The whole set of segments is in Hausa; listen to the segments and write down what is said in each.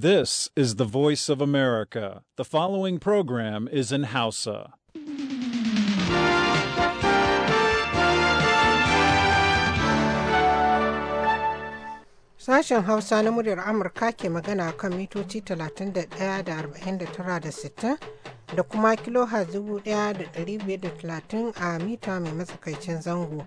This is the voice of America. The following program is in Hausa. Sashen Hausa na muryar Amurka ke magana kan mitoci 31 da 49 da 60 da kuma kilo 1530 a mita mai matsakaicin zango.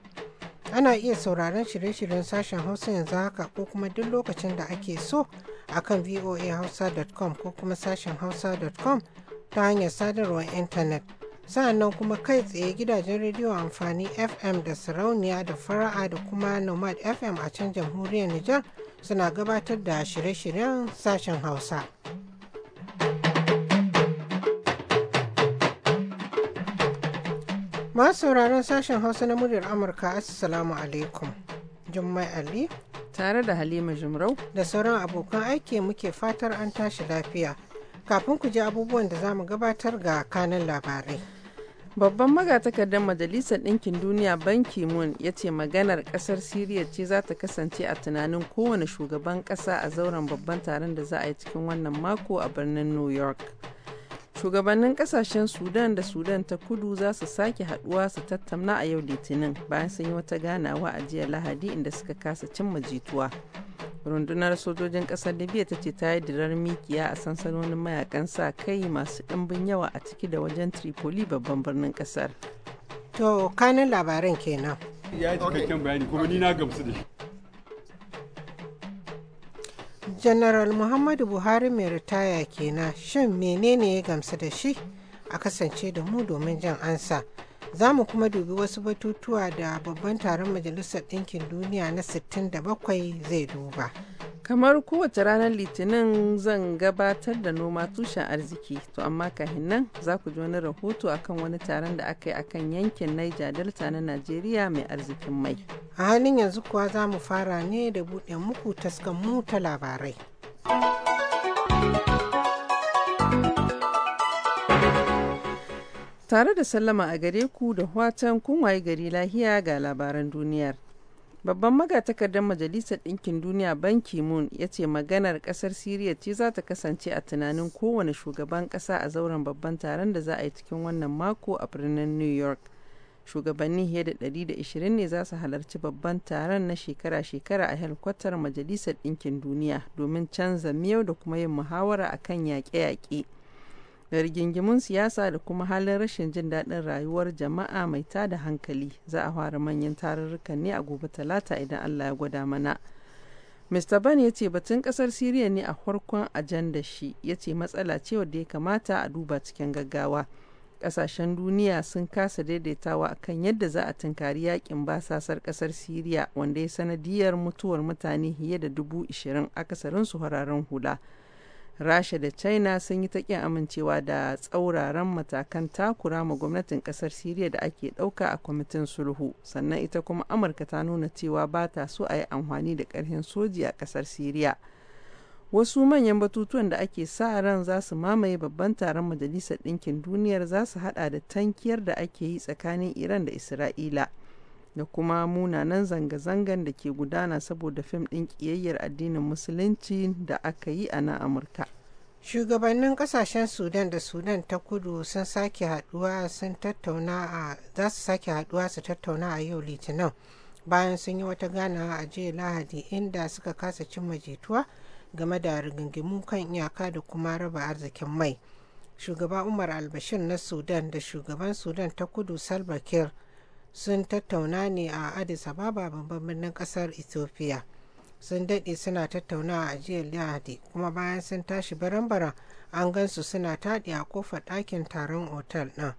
Ana iya sauraron shirye-shiryen sashen Hausa yanzu haka ko kuma duk lokacin da ake so a kan voahausa.com ko kuma sashen hausa.com ta hanyar sadarwar intanet. Sa'annan kuma kai tsaye gidajen rediyo amfani FM da sarauniya da fara'a da kuma Nomad FM a can jamhuriyar Nijar suna gabatar da shirye-shiryen sashen Hausa. masu sauraron sashen hausa na muryar amurka assalamu alaikum jummai ali tare da halima jimrau da sauran abokan aiki muke fatar an tashi lafiya kafin ku ji abubuwan da za mu gabatar ga kanan labarai babban magatakardar majalisar ɗinkin duniya ban moon ya ce maganar ƙasar siriya ce za ta kasance a tunanin kowane shugaban ƙasa a zauren babban taron da za a yi cikin wannan mako a birnin new york shugabannin kasashen sudan da sudan ta kudu za su sake haduwa su tattauna a yau litinin bayan sun yi wata ganawa a jiya lahadi inda suka kasa cimma jituwa rundunar sojojin kasar libya ta ce ta yi dirar mikiya a sansanonin mayakan sa kai masu ɗimbin yawa a ciki da wajen tripoli babban birnin kasar to kanin labaran kenan ya yi bayani kuma ni na gamsu da shi Janaral Muhammadu Buhari mai ritaya kenan shin menene ya gamsu da shi? A kasance da mu domin jan ansa. za mu kuma dubi wasu batutuwa da babban taron majalisar ɗinkin duniya na 67 zai duba kamar kowace ranar litinin zan gabatar da noma tushen arziki to amma kahin nan za ku ji wani rahoto akan wani taron da aka yi akan yankin niger delta na najeriya mai arzikin mai a halin yanzu kuwa za mu fara ne da buɗe muku taskan mu ta labarai Tare da sallama a gare ku da watan kun gari lahiya ga labaran duniyar. Babban magatakardar Majalisar Ɗinkin Duniya Ban moon ya ce maganar ƙasar Siriya ce za ta kasance a tunanin kowane shugaban ƙasa a zauren babban taron da za a yi cikin wannan mako a birnin New York. Shugabanni fiye da 120 ne za su halarci babban taron na shekara-shekara a helkwatar Majalisar Ɗinkin Duniya domin canza miyau da kuma yin muhawara akan yaƙe-yaƙe. rigingimin siyasa da kuma halin rashin jin daɗin rayuwar jama'a mai tada hankali za a fara manyan tarurrukan ne a gobe talata idan allah ya gwada mana mr ban ya ce batun kasar siriya ne a farkon ajanda shi ya ce matsala ce wadda ya kamata a duba cikin gaggawa kasashen duniya sun kasa daidaitawa akan yadda za a tunkari yakin basasar kasar siriya wanda ya sanadiyar mutuwar mutane fiye da dubu ishirin akasarin su hararen hula rasha da china sun yi ta ƙin amincewa da tsauraran matakan takura ma gwamnatin ƙasar siriya da ake ɗauka a kwamitin sulhu sannan ita kuma amurka ta nuna cewa ba ta so a yi amfani da ƙarfin soji a ƙasar siriya wasu manyan batutuwan da ake sa ran za su mamaye babban taron majalisar ɗinkin duniyar za su hada da tankiyar da ake yi tsakanin iran da isra'ila da kuma munanan zanga-zangan da ke gudana saboda fim ɗin ƙiyayyar addinin musulunci da aka yi a na amurka shugabannin kasashen sudan da sudan ta kudu sun sake haduwa sun tattauna a za su sake haduwa su tattauna a yau litinin bayan sun yi wata ganawa a jiya lahadi inda suka kasa cin jituwa game da rigingimu kan iyaka da kuma raba arzikin mai shugaba umar albashir na sudan da shugaban sudan ta kudu salva kiir sun tattauna ne a addis ababa babban birnin kasar ethiopia sun daɗe suna tattauna a jiya lahadi kuma bayan sun tashi baran-baran an gansu suna taɗi a kofar ɗakin taron otal ɗin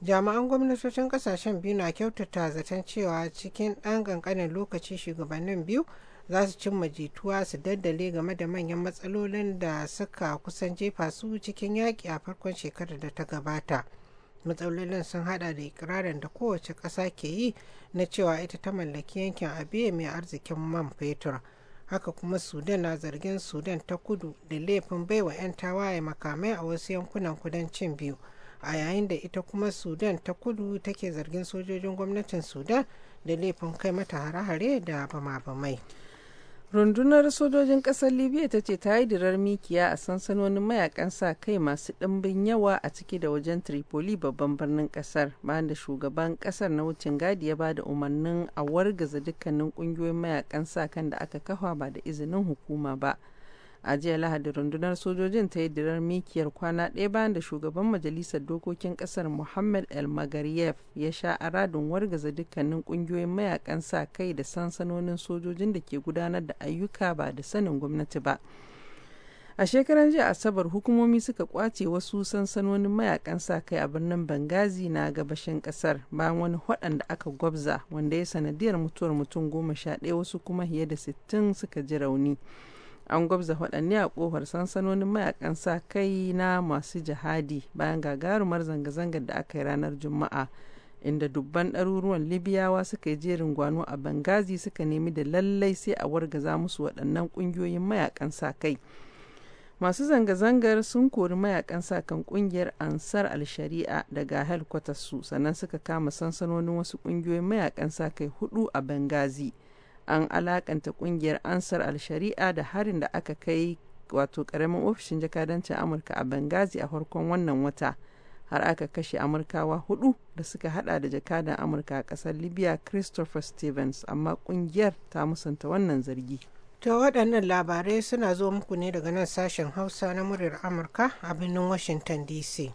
jami'an gwamnatocin ƙasashen biyu na kyautata zaton cewa cikin ɗan ƙanƙanin lokaci shugabannin biyu za su cimma jituwa su daddale game da manyan matsalolin da suka kusan jefa su cikin yaƙi a farkon shekarar da ta gabata. matsalolin sun hada da ikirarin da kowace ƙasa ke yi na cewa ita ta mallaki yankin abiya mai arzikin man fetur haka kuma sudan na zargin sudan ta kudu da laifin baiwa 'yan tawaye makamai a wasu yankunan kudancin biyu a yayin da ita kuma sudan ta kudu take zargin sojojin gwamnatin sudan da laifin kai mata hare-hare da bama-bamai rundunar sojojin ƙasar libya ta ce ta yi dirar mikiya a sansanonin mayakan sa kai masu ɗimbin yawa a ciki da wajen tripoli babban birnin ƙasar bayan da shugaban ƙasar na wucin gadi ya bada umarnin a wargaza dukkanin ƙungiyoyin mayakan sa kan da aka kafa ba da izinin hukuma ba a jiya lahadi rundunar sojojin ta yi dirar mikiyar kwana ɗaya bayan da shugaban majalisar dokokin ƙasar muhammad el magariyev ya sha aradun wargaza dukkanin ƙungiyoyin mayakan sa kai da sansanonin sojojin da ke gudanar da ayyuka ba da sanin gwamnati ba a shekaran jiya asabar hukumomi suka kwace wasu sansanonin mayakan sa kai a birnin bangazi na gabashin kasar bayan wani waɗanda aka gwabza wanda ya sanadiyar mutuwar mutum goma sha ɗaya wasu kuma fiye da sittin suka ji rauni an gwabza waɗanne a kofar sansanonin mayakan sa kai na masu jihadi bayan gagarumar zanga-zangar da aka yi ranar juma'a inda dubban ɗaruruwan libiyawa suka yi jerin gwano a bangazi suka nemi da lallai sai a wargaza musu waɗannan ƙungiyoyin mayakan sa kai masu zanga-zangar sun kori mayakan sa kan ƙungiyar ansar al-shari'a daga helkwatarsu sannan suka kama sansanonin wasu ƙungiyoyin mayakan sa kai hudu a bangazi an alakanta kungiyar ansar al-shari'a da harin da aka kai wato karamin ofishin jakadancin amurka a benghazi a farkon wannan wata har aka kashe amurkawa hudu da suka hada da jakadan amurka a kasar libya christopher stevens amma kungiyar ta musanta wannan zargi to waɗannan labarai suna zo muku ne daga nan sashen hausa na muryar amurka a birnin washington dc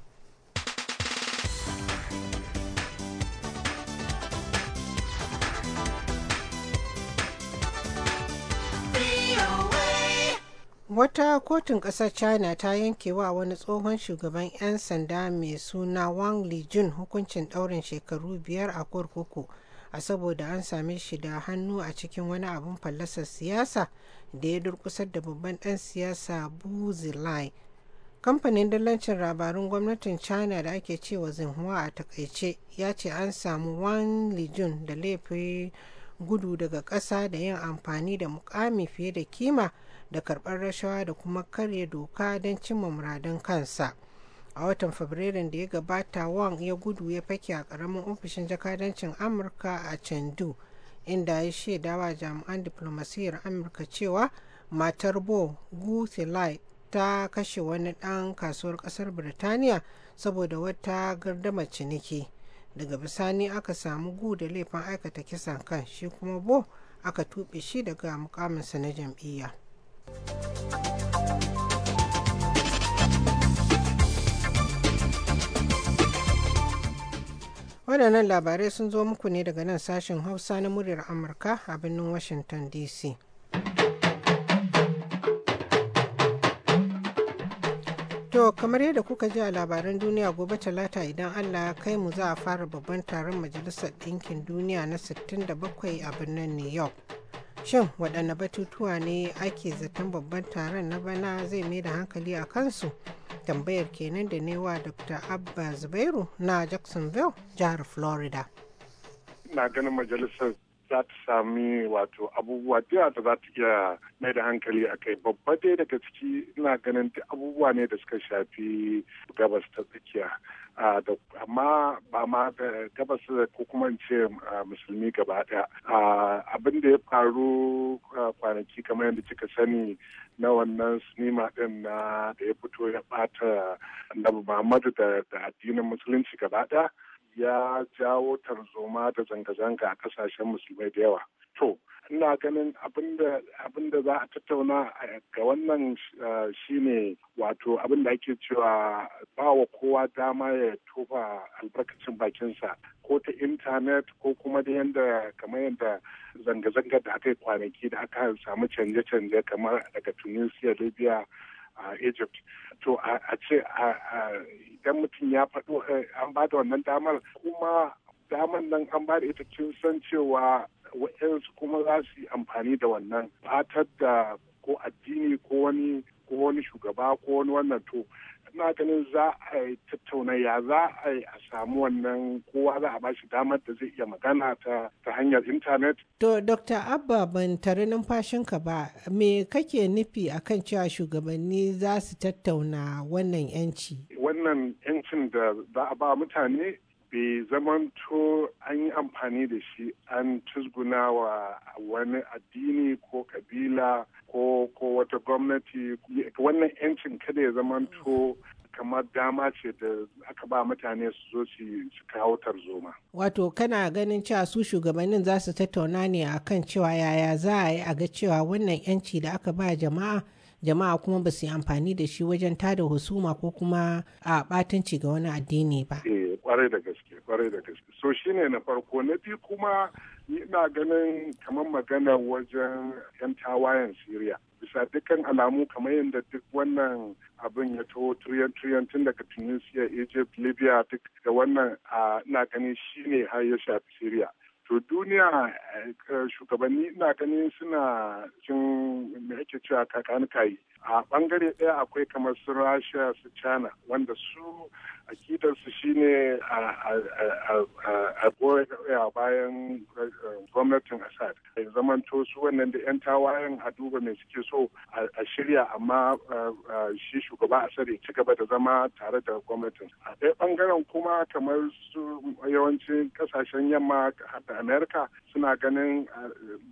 Wata kotun ƙasar China ta yanke wa wani tsohon shugaban 'yan sanda mai suna Wang Lijun hukuncin ɗaurin shekaru biyar a kurkuku a saboda an same shi da hannu a cikin wani abin fallasar siyasa da ya durkusar da babban ɗan siyasa Bu Zilai. Kamfanin dallacin labarun gwamnatin China da ake cewa Zinhua a takaice ya ce an samu Wang Lijun da laifin gudu daga ƙasa da yin amfani da mukami fiye da kima. da karɓar rashawa da kuma karya doka don cimma muradin kansa a watan fabrairun da ya gabata wang ya gudu ya fake a ƙaramin ofishin jakadancin amurka a chengdu inda ya shaida wa jami'an diflomasiyyar amurka cewa matar bo gu Thilai, ta kashe wani ɗan kasuwar ƙasar birtaniya saboda wata gardama ciniki daga bisani aka samu gu da laifin aikata kisan kan shi kuma bo aka tuɓe shi daga mukaminsa na jam'iyya. waɗannan labarai sun zo muku ne daga nan sashen hausa na muryar amurka a birnin washington dc To kamar yadda kuka ji a labaran duniya gobe talata idan Allah ya kai mu za a fara babban taron Majalisar Ɗinkin Duniya na 67 a birnin New York. Shin waɗanne batutuwa ne ake zaton babban taron na bana zai mai da hankali a kansu? Tambayar kenan da newa Dr. Abba Zubairu na Jacksonville, jihar Florida. Na ganin majalisar za ta sami wato abubuwa da da za ta iya mai da hankali a kai babba dai daga ciki ina ganin abubuwa ne da suka shafi gabas ta tsakiya amma ba ma gabas ko kuma in ce musulmi gaba daya abin da ya faru kwanaki kamar yadda kika sani na wannan sinima din na da ya fito ya bata annabi muhammadu da addinin musulunci gaba daya ya jawo tarzoma da zanga-zanga a kasashen musulmai da yawa. To, ina ganin abin da za a tattauna ga wannan shine wato abin da ake cewa ba wa kowa dama ya tofa albarkacin bakinsa ko ta intanet ko kuma da yadda kamar yadda zanga-zangar da aka yi kwanaki da aka samu canje-canje kamar daga tunisia libya a egypt to a ce idan mutum ya faɗo eh, an ba da wannan damar kuma damar nan an ba da ita kin san cewa wa'yansu kuma za su yi amfani da wannan fatar da ko addini ko wani ko wani shugaba ko wani wannan to na ganin za a yi tattauna ya za a yi a samu wannan kowa za a bashi damar da zai iya magana ta hanyar intanet. To, Dr. Abba ban tare numfashinka ba, me kake nufi a kan cewa shugabanni za su tattauna wannan 'yanci? Wannan 'yancin da za a ba mutane bai zamanto an yi amfani da shi an cizguna wa wani addini ko kabila ko ko wata gwamnati wannan yancin kada ya zamanto kamar dama ce da aka ba mutane su zo su kawo zoma. Wato kana ganin cewa su shugabannin za su tattauna ne a kan cewa yaya za a yi a ga cewa wannan yanci da aka ba jama'a jama'a kuma ba su yi amfani da shi wajen tada husuma ko kuma a batanci ga wani addini ba. Eh, kwarai da gaske kwarai da gaske so shine na farko na biyu kuma ni ina ganin kamar magana wajen yan tawayen siriya bisa dukkan alamu kamar yadda duk wannan abin ya taho turiyan tun daga tunisia egypt libya duk da wannan ina ganin shine har ya shafi siriya to duniya eh, shugabanni ina ganin suna cin me ake cewa kakanikayi a bangare ɗaya akwai kamar su rasha su china wanda su a akidarsu shine a goya bayan eh, gwamnatin assad ya zamanto su wannan da 'yan tawayen a duba mai suke so a shirya amma eh, eh, shi shugaba assad ya ci gaba da zama tare da gwamnatin a ɗaya bangaren kuma kamar su yawancin kasashen yamma da amerika suna ganin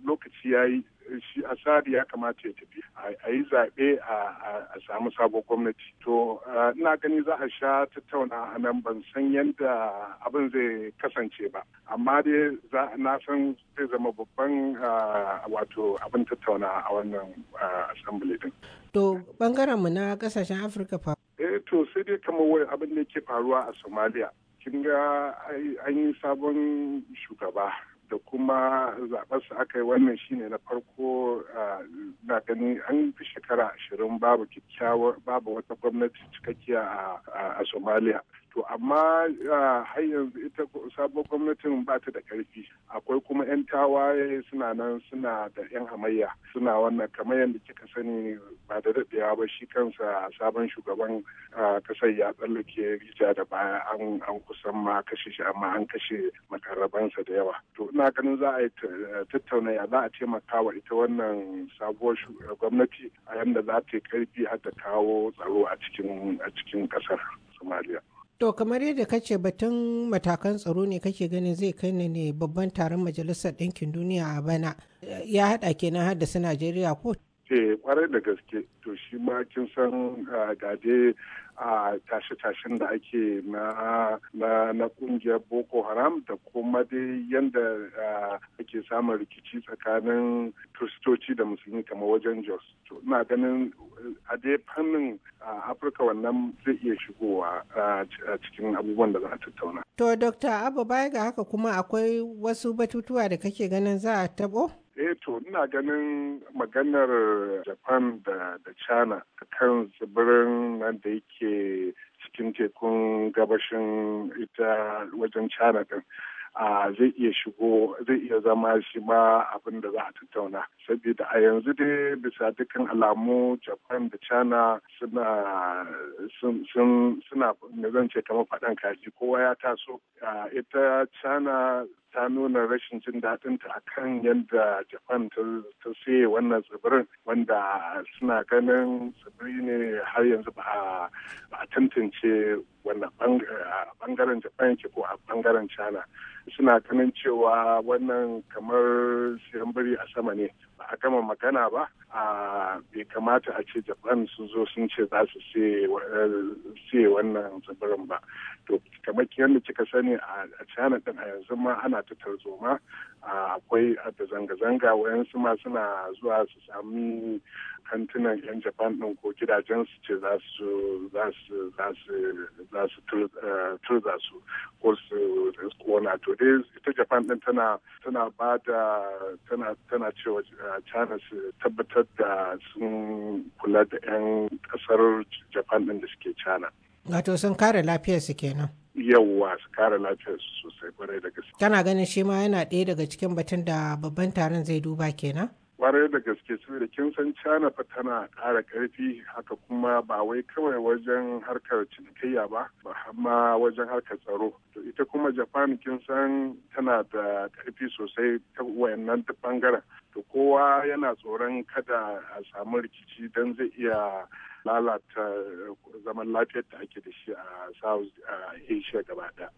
lokaci ya yi shi asadi ya kamata ya tafi a yi zaɓe a samu sabon gwamnati to ina gani za a sha tattauna a nan ban san yadda abin zai kasance ba amma dai za na san zai zama babban wato abin tattauna a wannan assembly din to bangaren mu na kasashen afirka fa eh to sai dai kamar wani abin da ke faruwa a somalia kin ga an yi sabon shugaba da kuma su aka yi wannan shine na farko na gani an fi shekara ashirin babu kyakkyawar babu wata gwamnati cikakkiya a somalia to amma har yanzu ita sabon gwamnatin ba ta da karfi akwai kuma 'yan tawaye suna nan suna da 'yan hamayya suna wannan kamar yadda kika sani ba da daɗewa ba shi kansa sabon shugaban kasar ya tsallake rija da baya an kusan ma kashe shi amma an kashe makarabansa da yawa to ina ganin za a yi tattauna ya za a taimaka wa ita wannan sabuwar gwamnati a yadda za ta yi ƙarfi har ta kawo tsaro a cikin ƙasar somaliya To kamar yadda kace batun matakan tsaro ne kake ganin zai kai ne ne babban taron majalisar ɗinkin duniya a bana ya haɗa kenan har da haddasa Najeriya ko? Ke eh, kwarai da gaske to shi ma kin san ah, gade a tashe-tashen da ake na kungiyar boko haram da kuma dai yadda ake samun rikici tsakanin kiristoci da musulmi kamar wajen jos ina ganin a dai fannin afirka wannan zai iya shigowa a cikin abubuwan da za a tattauna to dokta abu baya ga haka kuma akwai wasu batutuwa da kake ganin za a tabo eh to ina ganin maganar japan da da china kan tsibirin nan da yake cikin tekun gabashin ita wajen china din a zai iya shigo zai iya zama shi ma abin da za a tattauna saboda a yanzu dai bisa dukkan alamu japan da china suna suna zan ce kamar faɗan kaji kowa ya taso ita china ta nuna rashin jin daɗinta a kan yadda japan ta siye wannan tsibirin wanda suna ganin tsibiri ne har yanzu ba a tantance wannan bangaren japan yake ko a bangaren china suna ganin cewa wannan kamar siyan biri a sama ne ba a gama magana ba a bai kamata a ce japan sun zo sun ce za su siye eh, wannan tsibirin ba to kamar yadda kika sani a china din a yanzu ma ana ta tarzoma akwai da zanga-zanga wayansu ma suna zuwa su sami kantunan yan japan din ko gidajen su ce za su eh, turza su kona to dai ita japan din tana tana ba da tana tana cewa eh, china su tabbatar da sun kula da 'yan kasar japan din da suke china wato sun kare lafiyar su kenan yawwa su kare lafiyar su sosai kwarai da gaske tana ganin shi ma yana ɗaya daga cikin batun da babban taron zai duba kenan kwarai da gaske da kin san cana fa tana ƙara ƙarfi haka kuma ba wai kawai wajen harkar cinikayya ba ba amma wajen harkar tsaro to ita kuma japan kin san tana da karfi sosai ta wayannan ta bangaren to kowa yana tsoron kada a samu rikici don zai iya lalata zaman lafiyar da ake da shi a south asia gaba daya.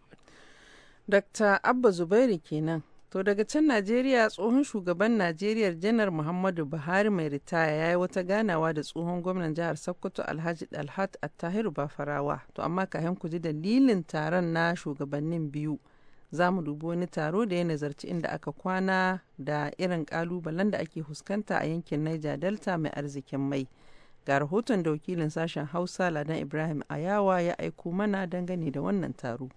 Dr. Abba Zubairu kenan To daga can Najeriya tsohon shugaban Najeriya janar Muhammadu Buhari mai ritaya ya yi wata ganawa da tsohon gwamnan jihar Sokoto Alhaji Dalhat Attahiru Bafarawa. To amma kayan ku ji dalilin taron na shugabannin biyu. Za mu dubi wani taro da ya nazarci inda aka kwana da irin kalubalen da ake fuskanta a yankin Niger Delta mai arzikin mai. Ga rahoton da wakilin sashen Hausa Ladan Ibrahim Ayawa ya aiko mana dangane da wannan taro.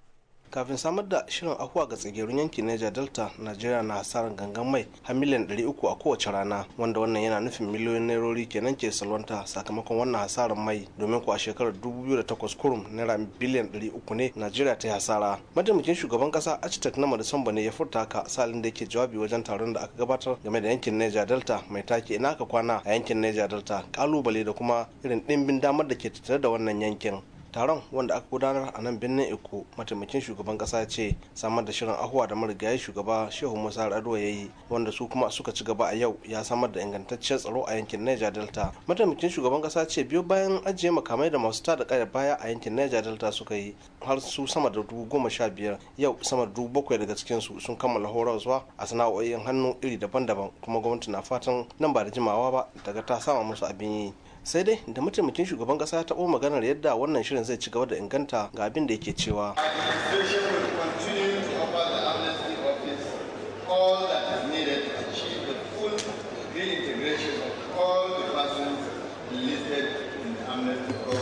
kafin samar da shirin ahuwa ga tsigerun yankin niger delta najeriya na hasarar gangan mai har miliyan 300 a kowace rana wanda wannan yana nufin miliyoyin nairori kenan ke salwanta sakamakon wannan hasarar mai domin a shekarar 2008 kurum naira biliyan 300 ne najeriya ta yi hasara mataimakin shugaban kasa architect na madisamba ne ya furta haka salin da yake jawabi wajen taron da aka gabatar game da yankin niger delta mai take ina ka kwana a yankin niger delta kalubale da kuma irin dimbin damar da ke tattare da wannan yankin taron wanda aka gudanar a nan birnin eko mataimakin shugaban kasa ce samar da shirin ahuwa da marigayi shugaba shehu musa raduwa ya yi wanda su kuma suka ci gaba a yau ya samar da ingantaccen tsaro a yankin niger delta mataimakin shugaban kasa ce biyu bayan ajiye makamai da masu tada kaya baya a yankin niger delta suka yi har su sama da dubu goma sha biyar yau sama da dubu bakwai daga su sun kammala horarwa a sana'o'in hannu iri daban-daban kuma gwamnati na fatan nan ba da jimawa ba daga ta sama musu abin yi sai dai da mataimakin shugaban kasa ta maganar yadda wannan shirin zai ci gaba da inganta ga abin da yake cewa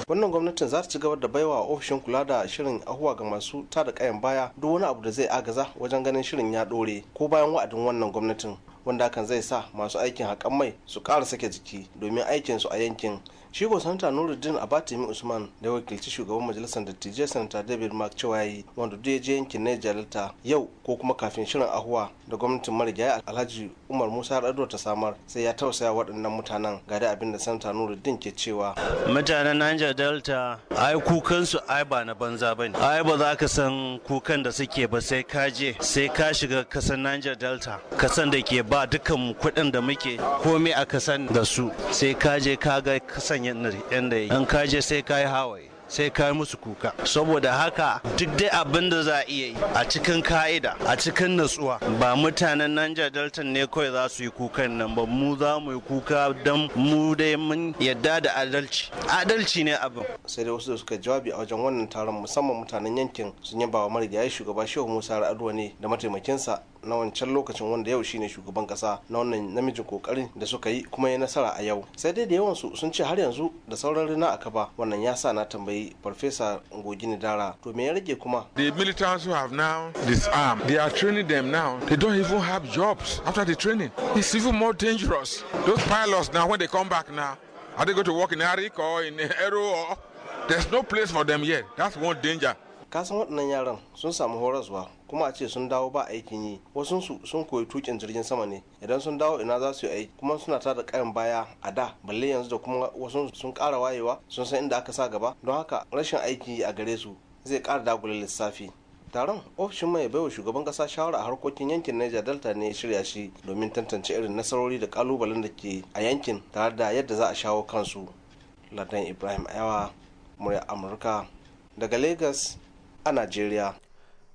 wannan gwamnatin za ta ci gaba da baiwa ofishin kula da shirin ahuwa ga masu tada kayan baya duk wani abu da zai agaza wajen ganin shirin ya dore ko bayan wa'adin wannan gwamnatin wanda hakan zai sa masu aikin haƙan mai su ƙara sake jiki domin aikin su a yankin shi ko sanata nuruddin abatimi usman da wakilci shugaban majalisar dattijai sanata david mark cewa yi wanda duk ya je yankin niger yau ko kuma kafin shirin ahuwa da gwamnatin marigaya alhaji umar musa rado ta samar sai ya tausaya waɗannan mutanen ga da abin da santa nuruddin ke cewa mutanen niger delta ai kukansu ai ba na banza bane ai ba za ka san kukan da suke ba sai ka je sai ka shiga kasan niger delta kasan da ke ba dukkan kuɗin da muke komai a kasan da su sai ka je ka ga kasan yadda yi. in ka je sai ka yi hawaye sai kai musu kuka saboda haka duk dai abin da za a iya yi a cikin ka'ida a cikin natsuwa ba mutanen Niger Delta ne kawai za su yi kukan nan ba mu za mu yi kuka don mu dai mun yadda da adalci adalci ne abin sai dai wasu da suka jawabi a wajen wannan taron musamman mutanen yankin sun yaba wa marigayi shugaba Shehu Musa Ra'adu ne da mataimakinsa na wancan lokacin wanda yau shine shugaban kasa na wannan namijin kokarin da suka yi kuma ya nasara a yau sai dai da yawansu sun ce har yanzu da sauran rina a kaba wannan ya sa na tambayi farfesa gogini dara to me ya rage kuma the militants who have now disarmed they are training them now they don't even have jobs after the training it's even more dangerous those pilots now when they come back now are they going to work in arik or in aero or there's no place for them yet that's one danger kasan waɗannan yaran sun samu horaswa kuma a ce sun dawo ba aikin yi wasunsu sun koyi tukin jirgin sama ne idan sun dawo ina za su yi aiki kuma suna tada kayan baya a da balle yanzu da kuma wasu sun ƙara wayewa sun san inda aka sa gaba don haka rashin aiki a gare su zai ƙara dagula lissafi taron ofishin mai baiwa shugaban kasa shawara a harkokin yankin niger delta ne shirya shi domin tantance irin nasarori da kalubalen da ke a yankin tare da yadda za a shawo kansu ladan ibrahim ayawa murya amurka daga lagos a Najeriya.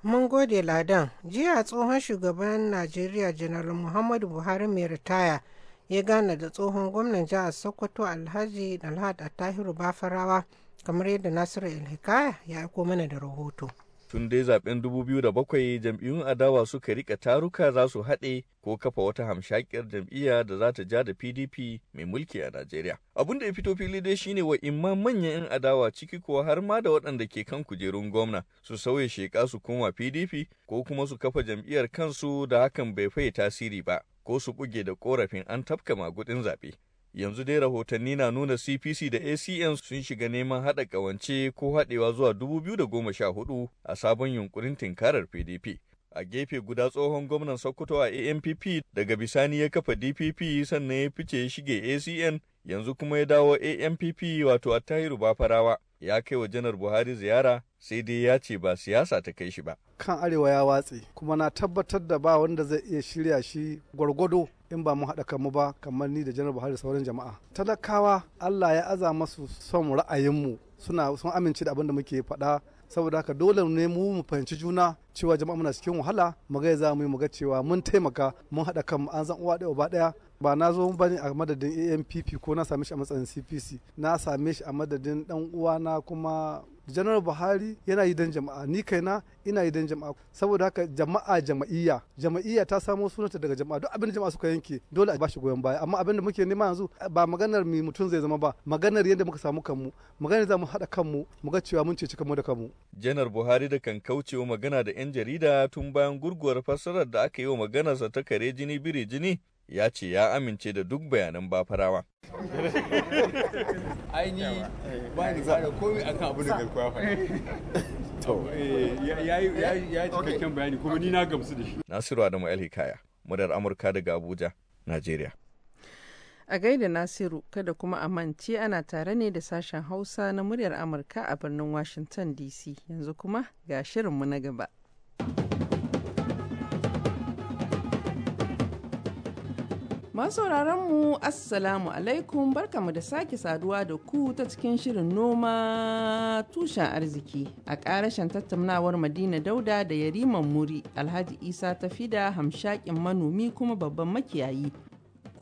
Mun gode Ladan, jiya tsohon shugaban Najeriya Janar Muhammadu Buhari mai ritaya ya gana da tsohon gwamnan jihar Sokoto Alhaji Dalhat Attahiru Bafarawa kamar yadda Nasiru Ilhikaya ya aiko mana da rahoto. Tun dai zaben 2007 jam'iyyun adawa suka rika taruka za su haɗe ko kafa wata hamshakiyar jam'iyya da za ta ja da PDP mai mulki a Najeriya. Abin da ya fito fili dai shine wa imma manyan 'yan adawa ciki kuwa har ma da waɗanda ke kan kujerun gwamna su sauya sheka su koma PDP ko kuma su kafa jam'iyyar kansu da hakan bai fai tasiri ba ko su buge da korafin an tafka magudin zaɓe. yanzu dai rahotanni na nuna cpc da acn sun shiga neman haɗa ƙawance ko haɗewa zuwa 2014 a sabon yunkurin tinkarar pdp a gefe guda tsohon gwamnan sokoto a ampp daga bisani ya kafa dpp sannan ya fice ya shige acn yanzu kuma ya dawo ampp wato attahiru bafarawa ya kai wa janar buhari ziyara sai dai ya ce ba siyasa ta kai shi ba kan arewa ya watse kuma na tabbatar da ba wanda zai iya shirya shi gwargwado in ba mu haɗa kanmu ba kamar ni da janar buhari sauran jama'a talakawa allah ya aza masu son ra'ayinmu suna sun amince da abin da muke faɗa saboda haka dole ne mu mu fahimci juna cewa jama'a muna cikin wahala mu ga za mu yi mu ga cewa mun taimaka mun haɗa kanmu an zan uwa ɗaya uba ɗaya ba na zo ba ne a madadin ampp ko na same shi a matsayin cpc na same shi a madadin dan uwana kuma general buhari yana yi don jama'a ni kaina ina yi don jama'a saboda haka jama'a jama'iyya jama'iyya ta samo sunanta daga jama'a duk abin da jama'a suka yanke dole a bashi goyon baya amma abin da muke nema yanzu ba maganar mi mutum zai zama ba maganar yadda muka samu kanmu maganar za mu haɗa kanmu mu ga cewa mun ceci kanmu da kanmu janar buhari da kan kaucewa magana da yan jarida tun bayan gurguwar fassarar da aka yi wa maganarsa ta kare jini biri jini ya ce ya amince da duk bayanan bafarawa. Aini ba ni za a kan akan abu da garkuwa fa. To, eh, ya yi cikakken bayani kuma ni na gamsu da shi. Nasiru Adamu El Hikaya, murar Amurka daga Abuja, Najeriya. A gaida Nasiru, kada kuma a mance ana tare ne da sashen Hausa na muryar Amurka a birnin Washington DC. Yanzu kuma ga shirinmu na gaba. mu Assalamu alaikum barkamu da sake saduwa da ku ta cikin shirin noma tushen arziki a ƙarashen tattaunawar Madina Dauda da Yariman Muri Alhaji Isa ta Tafida hamshakin manomi kuma babban makiyayi.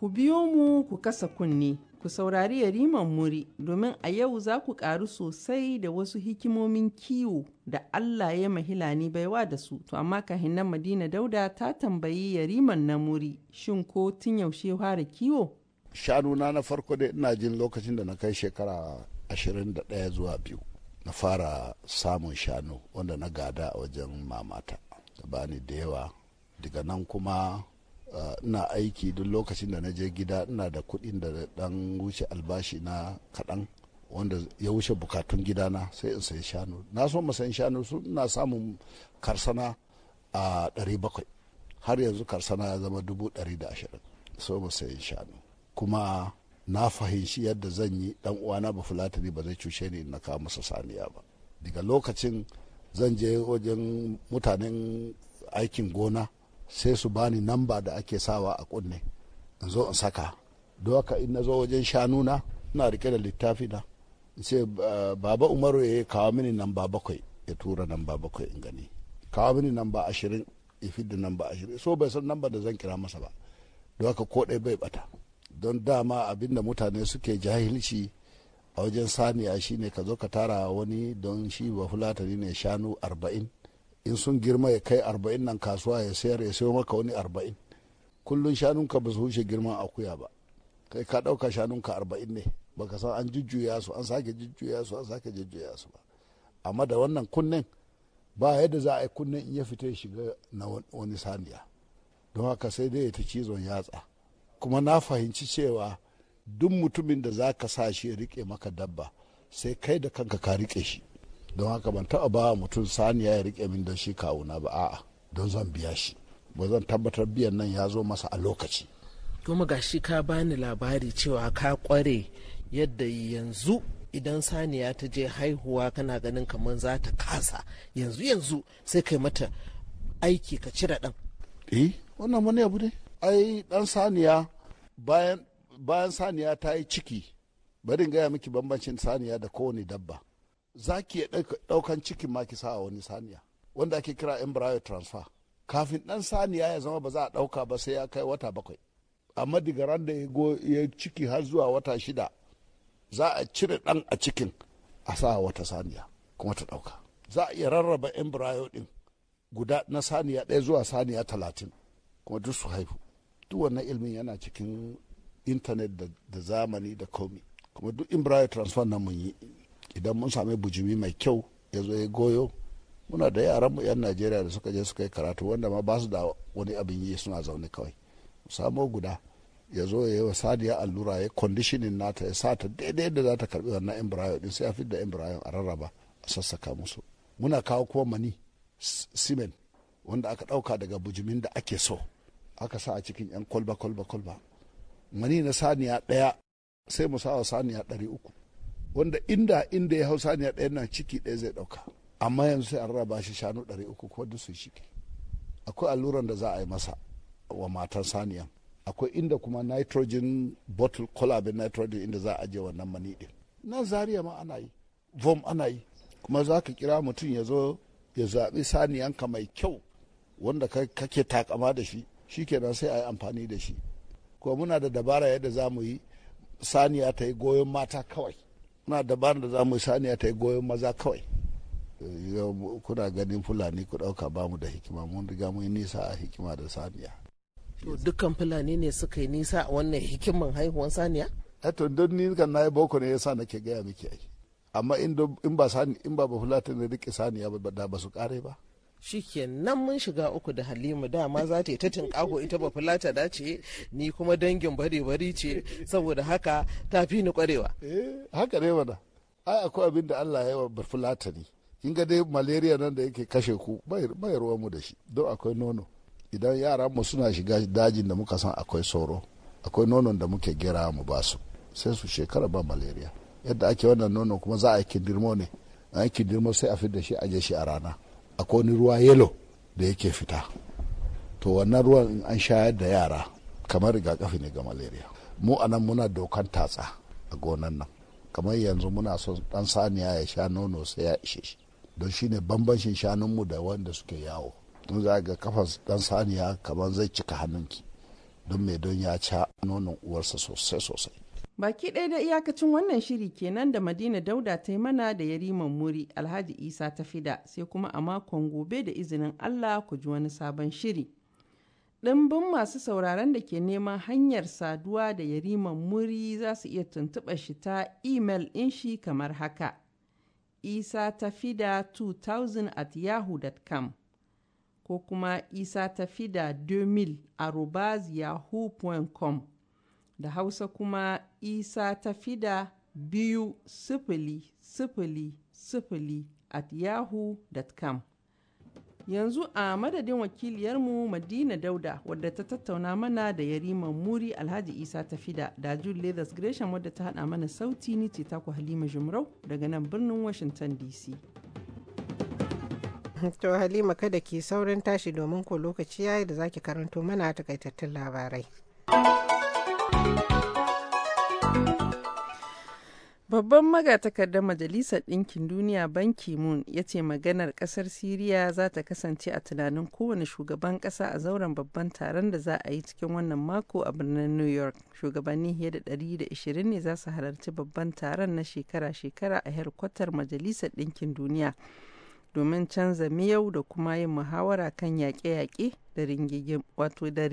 Ku biyo mu ku kasa kunne ku saurari Yariman Muri domin a yau za ku ƙaru sosai da wasu hikimomin kiwo da Allah ya mahilani baiwa da su. To amma kahin nan Madina Dauda ta tambayi Yariman na Muri shin ko tun yaushe fara kiwo? Shanuna na farko dai ina jin lokacin da na kai shekara ashirin da 21 zuwa biyu. Na fara samun shanu wanda na gada a wajen mamata. Da bani da yawa. Daga nan kuma ina aiki duk lokacin da na je gida ina da kuɗi da dan wuce albashi na kaɗan wanda ya wuce bukatun gidana sai in sayi shanu na so mu shanu su ina samun karsana a ɗari bakwai har yanzu karsana ya zama dubu ɗari da ashirin so mu sayi shanu kuma na fahimci yadda zan yi dan uwana ba fulatani ba zai cushe ni na kawo masa saniya ba daga lokacin zan je wajen mutanen aikin gona sai su bani namba da ake sawa a kunne in zo in saka don haka in na zo wajen shanuna ina rike da littafi na sai ah, baba umaru ya eh, kawo mini namba bakwai ya tura namba bakwai in gani kawo mini namba ashirin ya da namba ashirin so bai san namba da zan kira masa ba don haka ko ɗaya bai bata don dama abinda mutane suke jahilci a wajen saniya shine ka zo ka tara wani don shi ba fulatani ne shanu arba'in in sun girma ya kai arba'in nan kasuwa ya sayar ya sayo maka wani arba'in kullum shanunka ba su girma girman akuya ba kai ka ɗauka shanunka arba'in ne baka san an jujjuya su an sake jujjuya su an sake jujjuya su ba amma da wannan kunnen ba yadda za a yi kunnen in ya fita ya shiga na wani saniya don haka sai dai ya ta cizon yatsa kuma na fahimci cewa duk mutumin da za ka sa shi ya rike maka dabba sai kai da kanka ka rike shi don haka ban taba ba mutum saniya ya rike min don shi kawuna ba a'a don zan biya shi ba zan tabbatar biyan nan ya zo masa a lokaci kuma ga shi ka bani labari cewa ka kware yadda yanzu idan saniya ta je haihuwa kana ganin kamar za ta kasa yanzu yanzu sai kai mata aiki ka cire ɗan. eh wannan wani abu ne ai dan saniya bayan bayan saniya ta yi ciki bari gaya miki bambancin saniya da kowane dabba za ki iya ɗaukan cikin ma ki sa a wani saniya wanda ake kira embryo transfer kafin ɗan saniya ya zama ba za a ɗauka ba sai ya kai wata bakwai amma daga ran da ya ciki har zuwa wata shida za a cire ɗan a cikin a sa wata saniya kuma ta ɗauka za a iya rarraba embryo ɗin guda na saniya ɗaya zuwa saniya talatin kuma duk su haihu duk wannan ilimin yana cikin intanet da zamani da komi kuma duk embryo transfer na mun yi idan mun sami bujumi mai kyau ya zo ya goyo muna da mu 'yan najeriya da suka je suka yi karatu wanda ma ba su da wani abin yi suna zaune kawai samo guda ya zo ya yi wa sadiya allura ya conditioning nata ya ta daidai da za ta karbi wannan embryo din sai a fidda embryo a rarraba a sassaka musu muna kawo kuma mani simen wanda aka dauka daga bujumin da ake so aka sa a cikin yan kolba kolba kolba mani na saniya daya sai mu sa wa saniya ɗari uku wanda inda inda ya hau saniya ɗaya na ciki ɗaya zai ɗauka amma yanzu sai an raba shi shanu ɗari uku ko duk sun shi akwai alluran da za a yi masa wa matan saniya akwai inda kuma nitrogen bottle kwalabin nitrogen inda za a je wannan mani ɗin nan zaria ma ana yi vom ana yi kuma za ka kira mutum ya zo ya zaɓi saniyanka mai kyau wanda kake takama da shi shi kenan sai a yi amfani da shi kuma muna da dabara yadda za mu yi saniya ta yi goyon mata kawai muna dabarar da za mu saniya ta yi goyon maza kawai kuna ganin fulani ku ɗauka ba mu da hikima mun riga mun nisa a hikima da saniya to dukkan fulani ne suka yi nisa a wannan hikiman haihuwan saniya eh, to don ni kan na yi boko ne yasa nake gaya miki ai amma in ba in ba ba fulani ne rike saniya ba da ba su kare ba nan mun shiga uku da Halima dama za ta yi ta tinkago ita ba fulata da ce ni kuma dangin bare bari ce saboda haka ta fi ni kwarewa eh haka ne mana ai akwai abin da Allah ya wa fulata ne kin ga dai malaria nan da yake kashe ku bai ruwan mu da shi don akwai nono idan yara mu suna shiga dajin da muka san akwai sauro akwai nonon da muke gera mu ba su sai su shekara ba malaria yadda ake wannan nono kuma za a yi kindirmo ne a yi kindirmo sai a fi da shi a aje shi a rana akwai wani ruwa yelo da yake fita to wannan ruwan an shayar da yara kamar rigakafi ne ga malaria mu a nan muna dokan tatsa a gonan nan kamar yanzu muna son dan saniya ya sha nono sai ya ishe shi don shine bambancin shanunmu da wanda suke yawo in za ga kafan dan saniya kamar zai cika hannunki don mai don ya ca nonon uwarsa sosai sosai Baki ɗaya da iyakacin wannan shiri kenan da Madina Dauda ta yi mana da Yariman Muri Alhaji Isa ta fida sai kuma a makon gobe da izinin Allah ku ji wani sabon shiri. Ɗimbin masu sauraron da ke neman hanyar saduwa da Yariman Muri za su iya tuntuɓa shi ta imel ɗin shi kamar haka. Isa ta fida 2000 at yahoo.com ko kuma isa ta fida 2000 arobaz yahoo.com. da Hausa kuma Isa ta tafida biyu sifili sifili sifili at yahoo.com. Yanzu a madadin wakiliyarmu Madina Dauda wadda ta tattauna mana da Yarima Muri Alhaji Isa Tafida da Jude Leathers Gresham wadda ta haɗa mana sauti ni ce taku Halima Jumrau daga nan birnin Washington DC. To Halima kada ki saurin tashi domin ko lokaci yayi da zaki karanto mana takaitattun labarai. Babban magatakardar Majalisar Ɗinkin Duniya Ban Ki-moon ya ce maganar ƙasar Siriya za ta kasance a tunanin kowane shugaban ƙasa a zauren babban taron da za a yi cikin wannan mako a birnin New York. Shugabanni fiye da 120 ne za su halarci babban taron na shekara-shekara a herkwatar Majalisar Ɗinkin Duniya domin canza miyau da kuma yin muhawara kan yaƙe-yaƙe da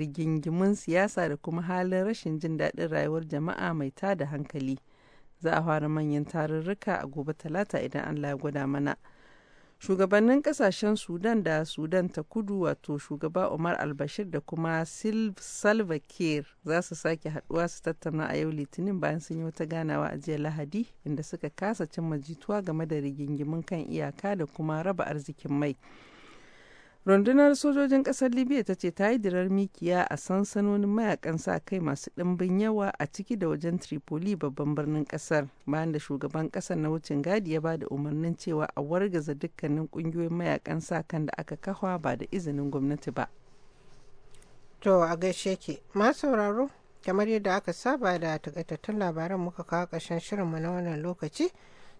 rigingimun siyasa da kuma halin rashin jin daɗin rayuwar jama'a mai tada hankali. za a fara manyan tarurruka a gobe talata idan allah ya gwada mana shugabannin kasashen sudan da sudan ta kudu wato shugaba umar albashir da kuma salva kiir za su sake haduwa su tattauna a yau litinin bayan sun yi wata ganawa a jiya lahadi inda suka kasa cimma jituwa game da rigingimin kan iyaka da kuma raba arzikin mai rundunar sojojin kasar libya ta ce ta yi dirar mikiya a sansanonin mayakan sa kai masu ɗimbin yawa a ciki da wajen tripoli babban birnin kasar bayan da shugaban kasar na wucin gadi ya ba da umarnin cewa a wargaza dukkanin ƙungiyoyin mayakan sa kan da aka kawa ba da izinin gwamnati ba to a gaishe ke ma sauraro kamar yadda aka saba da takaitattun labaran muka kawo ƙarshen shirinmu na wannan lokaci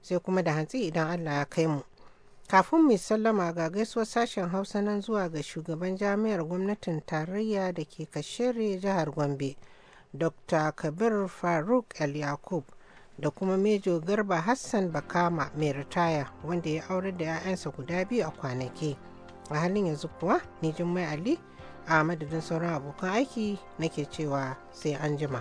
sai kuma da hantsi idan allah ya kai mu Kafin mai sallama ga gaisuwar sashen Hausa nan zuwa ga shugaban jami'ar gwamnatin tarayya da ke Kashere jihar Gombe, Dr. Kabir Faruk El Yakub da kuma Mejo Garba Hassan Bakama mai ritaya wanda ya aure da 'ya'yansa guda biyu a kwanaki. A halin yanzu kuwa, ni Jummai Ali a madadin sauran abokan aiki nake cewa sai an jima.